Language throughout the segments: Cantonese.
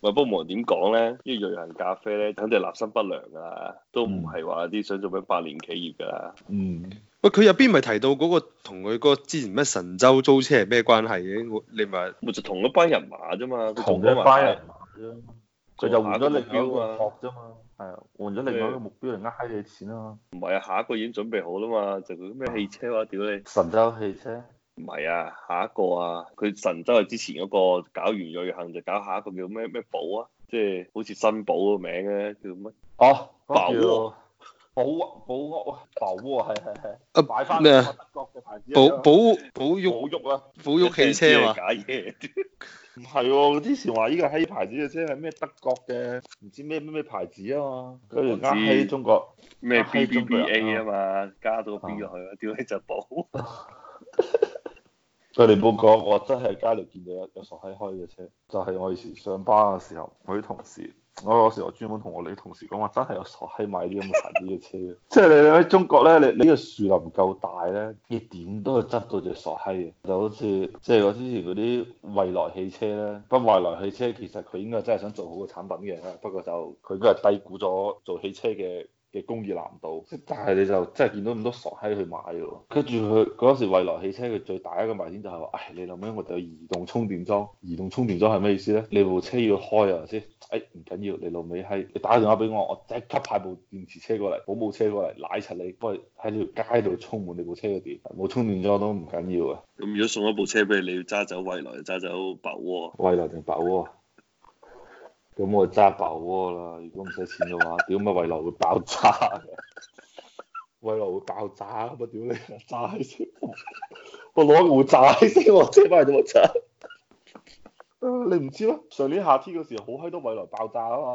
喂，不過冇人點講咧，因為瑞幸咖啡咧，肯定立心不良噶啦，都唔係話啲想做咩百年企業噶啦。嗯，喂、嗯，佢入邊咪提到嗰、那個同佢嗰個之前咩神州租車係咩關係嘅？你咪咪就同一班人馬啫嘛，同一班人馬啫，佢就換咗目標啊嘛，係啊，換咗另外一個目標嚟、啊、挨、啊啊、你錢啊嘛。唔係啊，下一個已經準備好啦嘛，就咩汽車話、啊、屌你神州汽車。唔係啊，下一個啊，佢神州係之前嗰個搞完瑞幸就搞下一個叫咩咩寶啊，即係好似新寶嘅名咧，叫乜、啊？哦，寶，寶啊寶啊寶啊，寶啊係係係啊買翻咩啊？德國嘅牌子啊，寶啊寶、啊寶，啊寶，啊寶，啊、寶，寶，寶沃啊，寶沃汽車嘛，假嘢唔係喎，之前話呢個係牌子嘅車，係咩德國嘅唔知咩咩咩牌子啊嘛，佢又壓喺中國咩 B B B A 啊嘛，加咗 B 落去，啊，屌你、啊、就寶、啊。 我你冇講，報告我真係喺街度見到有傻閪開嘅車。就係我以前上班嘅時候，我啲同事，我有時我專門同我哋啲同事講話，真係有傻閪買啲咁嘅牌子嘅車的。 即係你喺中國咧，你你個樹林夠大咧，你點都執到隻傻閪嘅。就好似即係我之前嗰啲蔚來汽車咧，不過蔚來汽車其實佢應該真係想做好個產品嘅，不過就佢都係低估咗做汽車嘅嘅工業藍圖，即但係你就真係見到咁多傻閪去買喎。跟住佢嗰時，蔚來汽車嘅最大一個賣點就係、是、話：，唉、哎，你老尾？我哋有移動充電樁。移動充電樁係咩意思咧？你部車要開啊先？誒唔緊要，你老尾閪，你打個電話俾我，我即刻派部電池車過嚟，保姆車過嚟，奶柒你，幫你喺條街度充滿你部車嘅電。冇充電樁都唔緊要啊。咁如果送一部車俾你，你要揸走蔚來，揸走寳沃啊，蔚來定寳沃？咁我揸爆窩啦！如果唔使錢嘅話，屌咪蔚來會爆炸嘅，蔚來會爆炸咁啊！屌你，炸起先， 我攞個壺炸起先，我車翻嚟就爆炸。 你唔知咩？上年夏天嗰時候，好閪多蔚來爆炸啊嘛！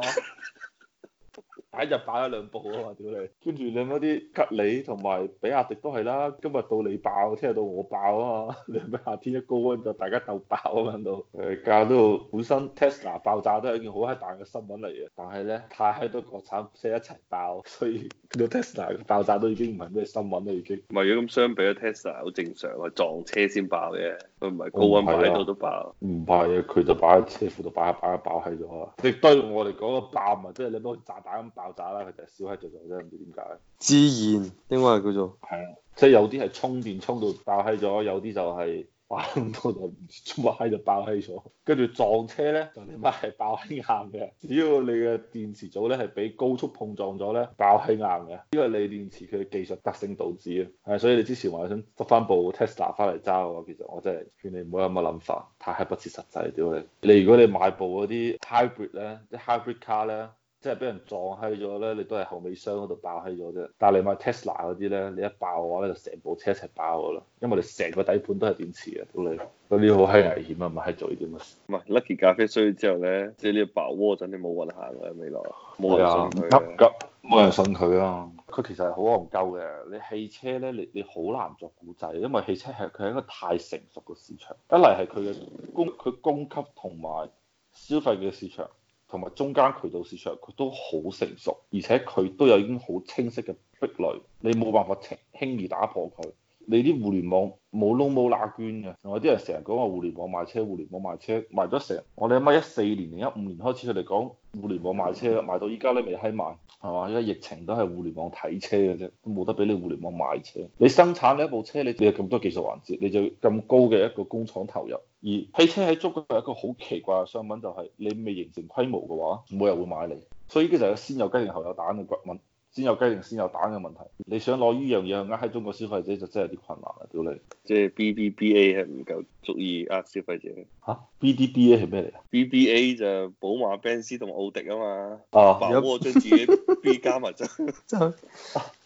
一日爆一兩部啊嘛，屌你！跟住你乜啲吉利同埋比亞迪都係啦，今日到你爆，聽日到我爆啊嘛！你咪夏天一高溫就大家鬥爆咁樣到。誒，搞到本身 Tesla 爆炸都係一件好閪大嘅新聞嚟嘅，但係咧太閪多國產車一齊爆，所以個 Tesla 爆炸都已經唔係咩新聞啦，已經。唔係啊，如果咁相比啊 Tesla 好正常啊，撞車先爆嘅，佢唔係高溫擺喺度都爆。唔係啊，佢、啊、就擺喺車庫度擺一擺下爆係咗啊。你對我哋講個爆咪即係你乜炸彈咁爆。爆炸啦，佢就係燒嗨咗咗啫，唔知點解。自然，應該係叫做係啊，即係有啲係充電充到爆氣咗，有啲就係玩到就唔知點解就爆氣咗。跟住撞車咧，就你乜係爆氣硬嘅，只要你嘅電池組咧係俾高速碰撞咗咧，爆氣硬嘅，因為鋰電池佢嘅技術特性導致啊。係，所以你之前話想執翻部 Tesla 翻嚟揸嘅話，其實我真係勸你唔好有咁嘅諗法，太係不切實際。屌你！你如果你買部嗰啲 hybrid 咧，即 hybrid car 咧。即係俾人撞閪咗咧，你都係後尾箱嗰度爆閪咗啫。但你買 Tesla 嗰啲咧，你一爆嘅話咧，就成部車一齊爆噶啦。因為你成個底盤都係電池嘅，嗰啲好閪危險啊，買閪做呢啲乜？唔係，Lucky 咖啡衰咗之後咧，即係呢個爆鑊陣，你冇運行喎。未來冇人信佢。急急？冇人信佢啊！佢、啊啊啊、其實係好戇鳩嘅。你汽車咧，你你好難作估計，因為汽車係佢係一個太成熟嘅市場。一嚟係佢嘅供，佢供給同埋消費嘅市場。同埋中間渠道市場，佢都好成熟，而且佢都有已經好清晰嘅壁壘，你冇辦法輕輕易打破佢。你啲互聯網冇窿冇罅捐嘅，我啲人成日講話互聯網賣車，互聯網賣車賣咗成，我哋啱啱一四年定一五年開始佢哋講互聯網賣車，賣到依家咧未閪賣，係嘛？依家疫情都係互聯網睇車嘅啫，都冇得俾你互聯網賣車。你生產你一部車，你你有咁多技術環節，你就咁高嘅一個工廠投入，而汽車喺中國係一個好奇怪嘅商品，就係，就係你未形成規模嘅話，冇人會買你。所以就係先有雞然後有蛋嘅骨紋。先有雞，定先有蛋嘅問題。你想攞呢樣嘢呃，喺中國消費者就真係有啲困難啦，屌你，即係 BBBA 係唔夠足以呃消費者。吓、啊、BDBA 係咩嚟啊？BBA 就寶馬、奔馳同奧迪啊嘛。啊，有冇將自己 B 加埋就就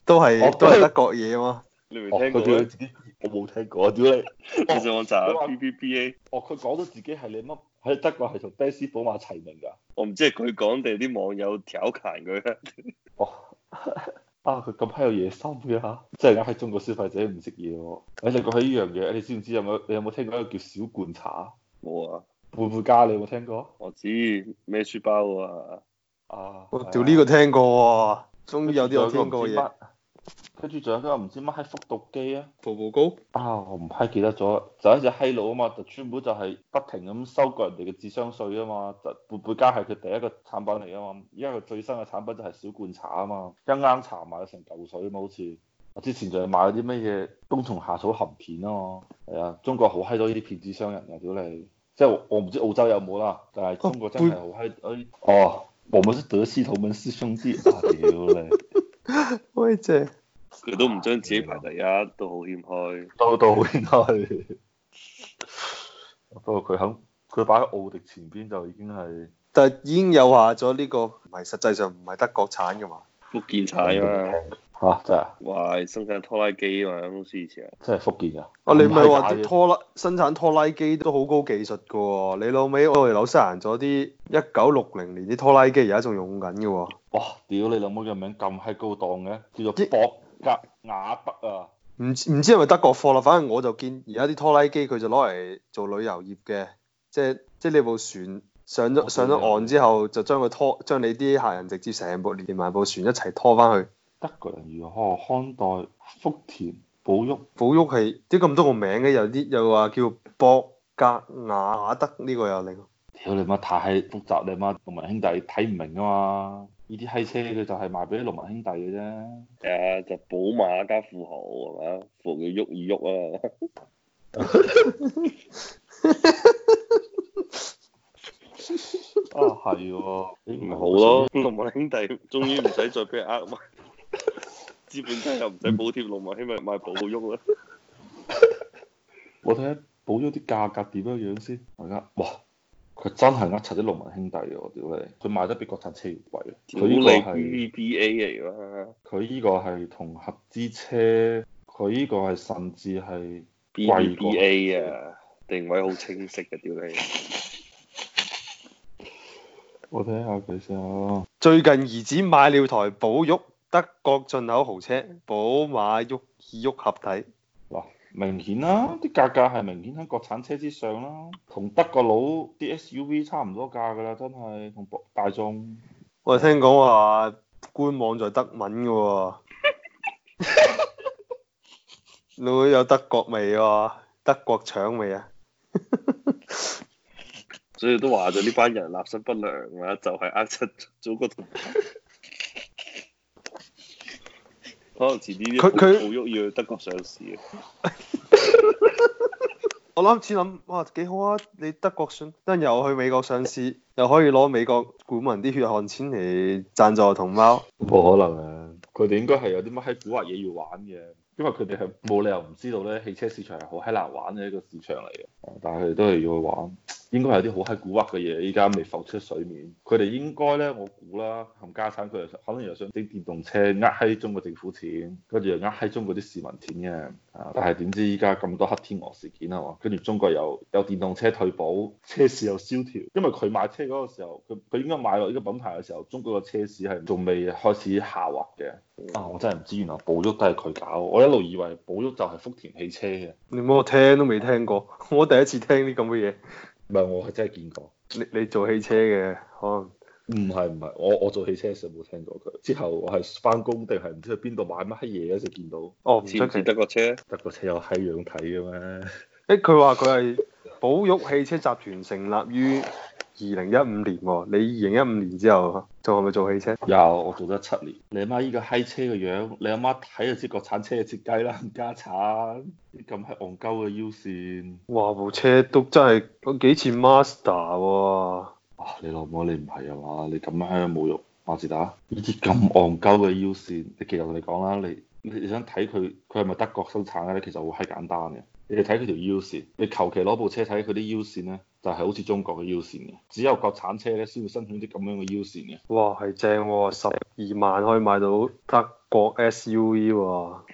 都係都係德國嘢啊嘛？你未聽過、啊、自己？我冇聽過、啊，屌你！其實 我查下 BDBA、啊。哦，佢講到自己係你乜係德國係同奔馳、寶馬齊名㗎。我唔知係佢講定啲網友挑釁佢。哦。 啊！佢咁閪有野心嘅吓、啊，即係而家喺中國消費者唔食嘢喎。誒，你講起呢樣嘢，你知唔知有冇？你有冇聽過一個叫小罐茶？冇啊，半杯加你有冇聽過？我知咩書包啊！啊，啊我屌呢個聽過喎、啊，終於有啲我聽過嘢。跟住仲有啲唔知乜閪複讀機啊，步步高啊，我唔閪記得咗，就是、一隻閪佬啊嘛，全部就專門就係不停咁收割人哋嘅智商稅啊嘛，背背佳係佢第一個產品嚟啊嘛，依家佢最新嘅產品就係小罐茶啊嘛，一罐茶賣咗成嚿水啊嘛，好似，我之前仲係買咗啲乜嘢冬蟲夏草含片啊嘛，係、哎、啊，中國好閪多呢啲騙子商人啊，屌你，即係我唔知澳洲有冇啦，但係中國真係好閪，哦，我們是德系同門師兄弟啊，屌、啊哎、你。威 姐，佢都唔將自己排第一，啊、都好謙虛，都都好謙虛。 不過佢響，佢擺喺奧迪前邊就已經係，但已經有下咗呢、呢個唔係，實際上唔係德國產嘅嘛，福建產啊。 啊，真係！哇，生產拖拉機啊！公司以前啊，真係福建噶。哦，你唔係話啲拖拉生產拖拉機都好高技術嘅喎、哦？你老味，我哋紐西蘭仲有啲一九六零年啲拖拉機在在、哦，而家仲用緊嘅喎。哇！屌你老妹嘅名咁閪高檔嘅，叫做博格瓦德啊！唔唔知係咪德國貨啦？反正我就見而家啲拖拉機佢就攞嚟做旅遊業嘅，即即你部船上咗上咗岸之後，就將佢拖將你啲客人直接成部連埋部船一齊拖翻去。德國人如何看待福田寶沃？寶沃係點解咁多個名嘅，有啲又話叫博格雅德呢，這個又嚟。屌你媽太複雜，你媽農民兄弟睇唔明㗎嘛？呢啲閪車佢就係賣俾啲農民兄弟嘅啫。誒、啊，就寶馬加富豪係嘛？服佢喐而喐啊！ 啊，係，唔好咯。農吧民兄弟終於唔使再俾人呃。 資本家又唔使補貼農民，起碼買寳沃啦。 我睇下寳沃啲價格點樣樣先，大家哇，佢真係呃柒啲農民兄弟喎！屌你，佢賣得比國產車要貴。佢呢個係 B B A 嚟㗎。佢呢個係同合資車，佢呢個係甚至係貴過 B B A 啊，定位好清晰嘅，屌你！我睇下，佢先下最近兒子買了台寳沃。德國進口豪車，寶馬、沃爾沃合體，嗱、啊，明顯啦，啲價格係明顯喺國產車之上啦、啊，同德國佬啲 SUV 差唔多價噶啦，真係同博大眾。喂，聽講話、啊、官網在德文噶喎，你會有德國味啊，德國搶味啊， 所以都話咗呢班人立身不良啊，就係呃出咗個。 可能遲啲佢佢冇喐要去德國上市啊！ 我啱先諗哇幾好啊！你德國上，得又去美國上市，又可以攞美國股民啲血汗錢嚟贊助同貓。冇可能啊！佢哋應該係有啲乜閪古怪嘢要玩嘅。因為佢哋係冇理由唔知道咧，汽車市場係好閪難玩嘅一個市場嚟嘅。但係佢哋都係要去玩，應該係啲好閪古惑嘅嘢，依家未浮出水面。佢哋應該咧，我估啦，冚家鏟佢哋可能又想整電動車，呃喺中國政府錢，跟住又呃喺中國啲市民錢嘅。但係點知依家咁多黑天鵝事件啊，跟住中國又有，有電動車退保，車市又蕭條。因為佢買車嗰個時候，佢佢應該買落呢個品牌嘅時候，中國個車市係仲未開始下滑嘅。啊！我真係唔知，原來寶沃都係佢搞。我一路以為寶沃就係福田汽車嘅。你冇，我聽都未聽過，我第一次聽啲咁嘅嘢。唔係，我係真係見過。你你做汽車嘅可能？唔係唔係，我我做汽車嘅時候冇聽過佢。之後我係翻工定係唔知去邊度買乜嘢嗰時見到。哦，似唔似德國車？德國車有閪樣睇嘅咩？誒、欸，佢話佢係。 寶沃汽車集團成立於二零一五年喎，你二零一五年之後做係咪做汽車？有，我做咗七年。你阿媽依個閪車嘅樣，你阿媽睇就知國產車嘅設計啦，唔加產，咁閪戇鳩嘅腰線。哇！部車都真係都幾似 Mazda 喎。你老母，你唔係啊嘛？你咁閪侮辱馬自達，呢啲咁戇鳩嘅腰線，你其實同你講啦，你你想睇佢佢係咪德國生產嘅咧？其實好閪簡單嘅。你哋睇佢條腰線，你求其攞部車睇佢啲腰線咧，就係好似中國嘅腰線嘅，只有國產車咧先會申請啲咁樣嘅腰線嘅。哇，係正喎，哦，十二萬可以買到德國 SUV 喎，哦。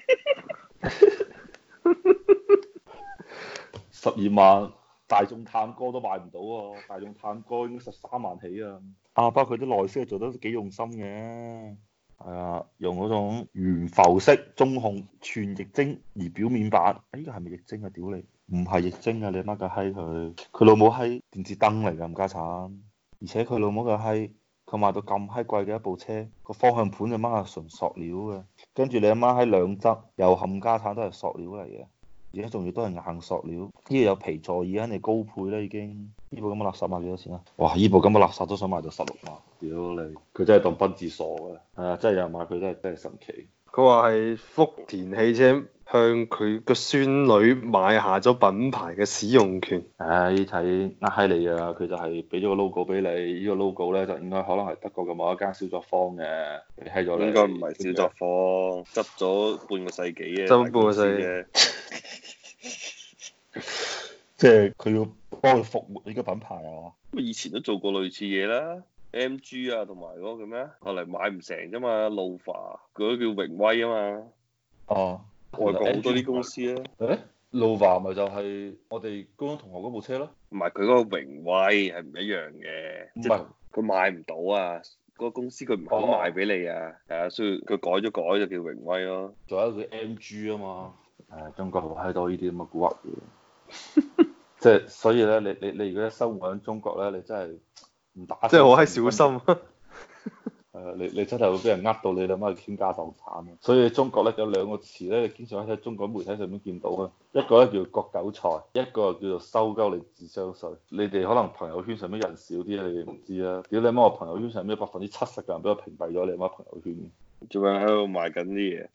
十二 萬，大眾探歌都買唔到，哦，眾啊！大眾探歌應該十三萬起啊。啊，包括佢啲內飾做得幾用心嘅。係啊，用嗰種懸浮式中控全液晶儀表面板，哎，呢個係咪液晶啊？屌你，唔係液晶啊！你阿媽個閪佢，佢老母閪，電子燈嚟噶冚家鏟，而且佢老母個閪，佢賣到咁閪貴嘅一部車，個方向盤就媽係純塑料嘅，跟住你阿媽喺兩側又冚家鏟都係塑料嚟嘅，而家仲要都係硬塑料，呢度有皮座椅肯定高配啦已經。部呢部咁嘅垃圾賣幾多錢啊？哇！依部咁嘅垃圾都想賣到十六萬，屌你！佢真係當平治傻嘅。係啊，真係有人買佢，真係真係神奇。佢話係福田汽車向佢個孫女買下咗品牌嘅使用權。唉，睇阿希你啊，佢、啊、就係俾咗個 logo 俾你，呢、呢個 logo 咧，就應該可能係德國嘅某一間小作坊嘅。你嘿咗你？應該唔係小作坊，執咗半個世紀嘅。執半個世紀嘅。 即係佢要幫佢復活呢個品牌啊嘛，咁啊以前都做過類似嘢啦，MG 啊同埋嗰個叫咩，後嚟買唔成啫嘛，Lova 佢都叫榮威啊嘛，哦，外國好多啲公司啊，誒，Lova 咪就係我哋高中同學嗰部車咯，唔係佢嗰個榮威係唔一樣嘅。唔係佢買唔到啊，嗰個公司佢唔好賣俾你啊，係啊，所以佢改咗改就叫榮威咯，仲有佢叫 MG 啊嘛，誒，中國好閪多呢啲咁嘅古惑嘢。即係所以咧，你你你如果生活喺中國咧，你真係唔打即係好閪小心。誒、 啊，你你真係會俾人呃到你，你媽傾家蕩產，所以中國咧有兩個詞咧，你經常喺中國媒體上面見到啊。一個咧叫割韭菜，一個叫做收鳩你智商稅。你哋可能朋友圈上面人少啲啊，你哋唔知啊。屌你媽！我朋友圈上面百分之七十嘅人俾我屏蔽咗，你媽朋友圈。最近喺度賣緊啲嘢，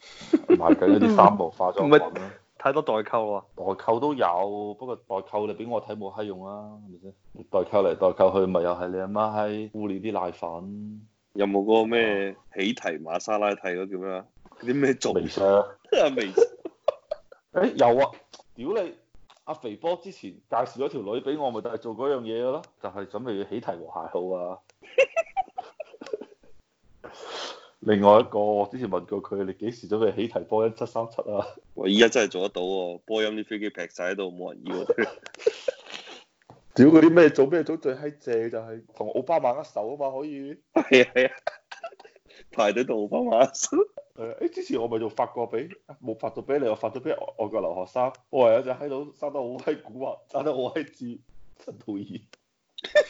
賣緊一啲化妝品。 太多代購啊，代購都有，不過代購你俾我睇冇閪用啊，係咪先？代購嚟代購去，咪又係你阿媽喺護理啲奶粉。有冇嗰個咩喜提馬莎拉蒂嗰叫咩啊？嗰啲咩做？微商啊，微。誒有啊，屌你！阿肥波之前介紹咗條女俾我，咪就係、是、做嗰樣嘢嘅咯。就係、是、準備要喜提和諧號啊！另外一個，我之前問過佢，你幾時準備喜提波音七三七啊？我依家真係做得到，哦，波音啲飛機劈晒喺度，冇人要。 屌嗰啲咩做咩組最閪正就係同奧巴馬握手啊嘛，可以。係啊係啊，排隊同奧巴馬握手、 欸。之前我咪仲發過俾冇發到俾你，我發咗俾外國留學生。哎、我話有隻閪佬生得好閪古啊，生得好閪癲，真討厭。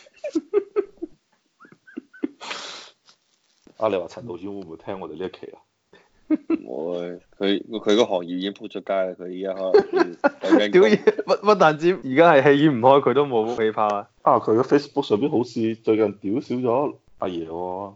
啊！你話陳導演會唔會聽我哋呢一期啊？我會，佢佢個行業已經撲出街啦！佢而家屌嘢，不不但止而家係戲院唔開，佢都冇戲拍啦。啊！佢個 Facebook 上邊好似最近屌少咗阿爺喎、哦。